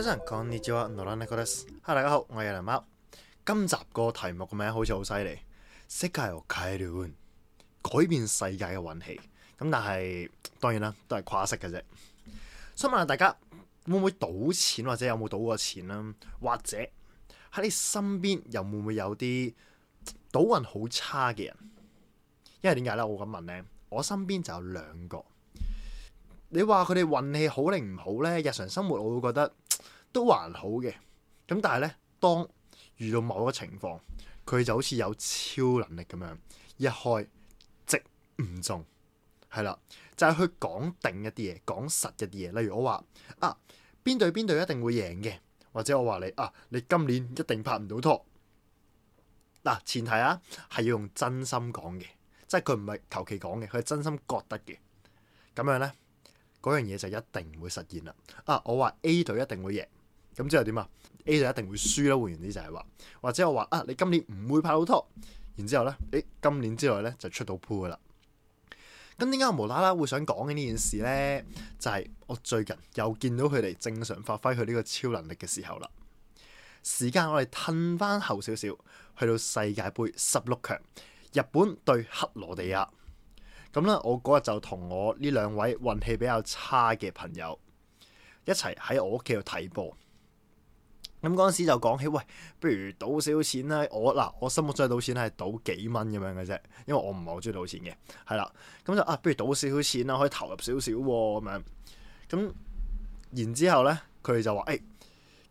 早晨，こんにちは、ノラネコです。大家好，我係梁貓。今集個題目嘅名好似好犀利，世界個改變運，改變世界嘅運氣。咁但係當然啦，都係跨式嘅啫。想問下大家會唔會賭錢或者有冇賭過錢啦？或者喺你身邊又會唔會有啲賭運好差嘅人？因為點解咧？我咁問呢，我身邊就有兩個。你話佢哋運氣好定唔好呢？日常生活我會覺得。都還好嘅，咁但係咧，當遇到某一個情況，佢就好似有超能力咁樣，一開即唔中，係啦，就係、是、去講定一啲嘢，講實一啲嘢。例如我話啊，邊隊邊隊一定會贏嘅，或者我話你啊，你今年一定拍唔到拖。嗱、啊，前提啊係要用真心講嘅，即係佢唔係求其講嘅，佢係真心覺得嘅。咁樣咧，嗰樣嘢就一定唔會實現啦。啊，我話 A 隊一定會贏。咁之後點啊？A 就一定會輸啦。換言之就係話，或者我話啊，你今年唔會拍到拖，然之後咧，誒，今年之內呢就出到鋪噶啦。咁點解我無啦啦會想講緊呢件事呢？就係、是、我最近又見到佢哋正常發揮佢呢個超能力嘅時候啦。時間我哋褪翻後少少，去到世界杯十六強，日本對克羅地亞。咁呢，我嗰日就同我呢兩位運氣比較差嘅朋友一齊喺我屋企度睇波。咁嗰陣時就講起，喂，不如賭少少錢啦。我嗱，我心目中嘅賭錢係賭幾蚊咁樣嘅啫，因為我唔係好中意賭錢嘅，係啦。咁就啊，不如賭少少錢啦，可以投入少少咁樣。咁然之後咧，佢哋就話誒、欸，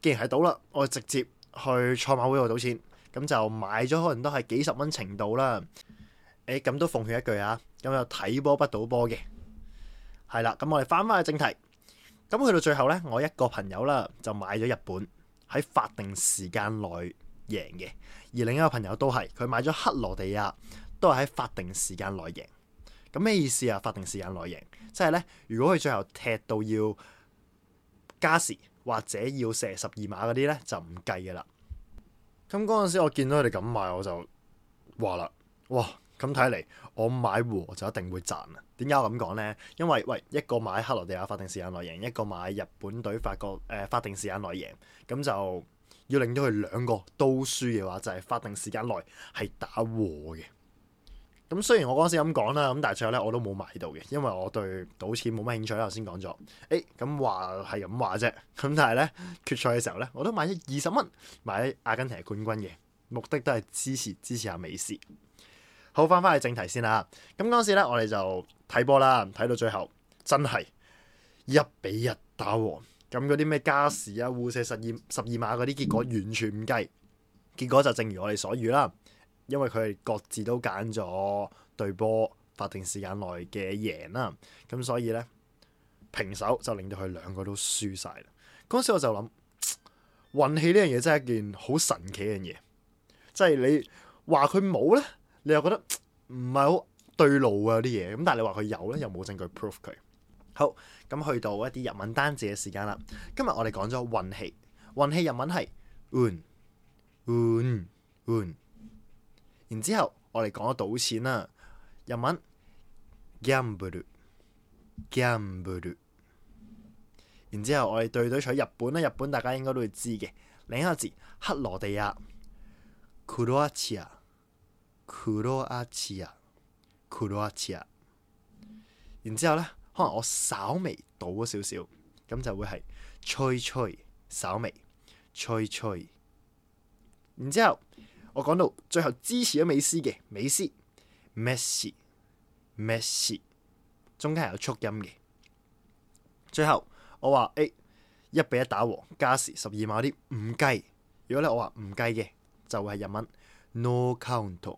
既然係賭啦，我直接去賽馬會度賭錢。咁就買咗可能都係幾十蚊程度啦。誒、欸，咁都奉勸一句啊，咁就睇波不賭波嘅係啦。咁我哋翻翻去正題。咁去到最後咧，我一個朋友啦就買咗日本。喺法定時間內贏嘅，而另一個朋友都係佢買咗克羅地亞，都係喺法定時間內贏。咁咩意思啊？法定時間內贏，即係呢，如果佢最後踢到要加時或者要射十二碼嗰啲呢，就唔計㗎啦。咁嗰陣時我見到佢哋咁買，我就話啦，哇！咁睇嚟，我買和就一定會賺啊！點解我咁講呢？因為喂，一個買克羅地亞法定時間內贏，一個買日本隊法國誒、呃、法定時間內贏，咁就要令到佢兩個都輸嘅話，就係、是、法定時間內係打和嘅。咁雖然我嗰陣時咁講啦，咁但係最後咧我都冇買到嘅，因為我對賭錢冇乜興趣啦。頭先講咗，誒、欸、咁話係咁話啫，咁但係咧決賽嘅時候咧，我都買咗二十蚊買咗阿根廷冠軍嘅，目的都係支持支持阿美斯。好，翻翻去正題先啦，咁嗰時咧，我哋就睇波啦，睇到最後真係一比一打和，咁嗰啲咩加時啊、互射十二十二碼嗰啲結果完全唔計，結果就正如我哋所預啦，因為佢哋各自都揀咗對波法定時間內嘅贏啦，咁所以咧平手就令到佢兩個都輸晒啦。嗰時我就諗，運氣呢樣嘢真係一件好神奇嘅嘢，即係你話佢冇咧。你又覺得唔係好對路啊啲嘢，咁但係你話佢有呢，又冇證據 prove 佢。好，咁去到一啲日文單字嘅時間啦。今日我哋講咗運氣，運氣日文係運，運，運。然之後我哋講咗賭錢啦，日文ギャンブル、ギャンブル。然之後我哋對對取日本啦，日本大家應該都會知嘅。另一個字克羅地亞、クロアチア。クロアチア、クロアチア。然之後咧，可能我稍微倒咗少少，咁就會係脆脆」、「稍微脆脆」吹吹。然之後我講到最後支持咗美斯嘅美斯，Messi，Messi，中間係有促音嘅。最後我話誒、哎，一比一打和，加時十二秒嗰啲唔計。如果咧我話唔計嘅，就會係日文 no count。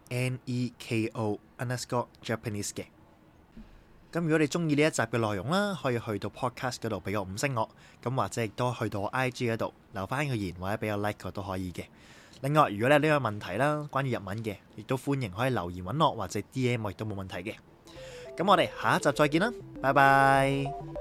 N E K O underscore Japanese 嘅，咁如果你中意呢一集嘅內容啦，可以去到 podcast 嗰度俾個五星我，咁或者亦都去到 IG 嗰度留翻個言或者俾我 like 我都可以嘅。另外，如果你有呢個問題啦，關於日文嘅，亦都歡迎可以留言揾我或者 DM 我，亦都冇問題嘅。咁我哋下一集再見啦，拜拜。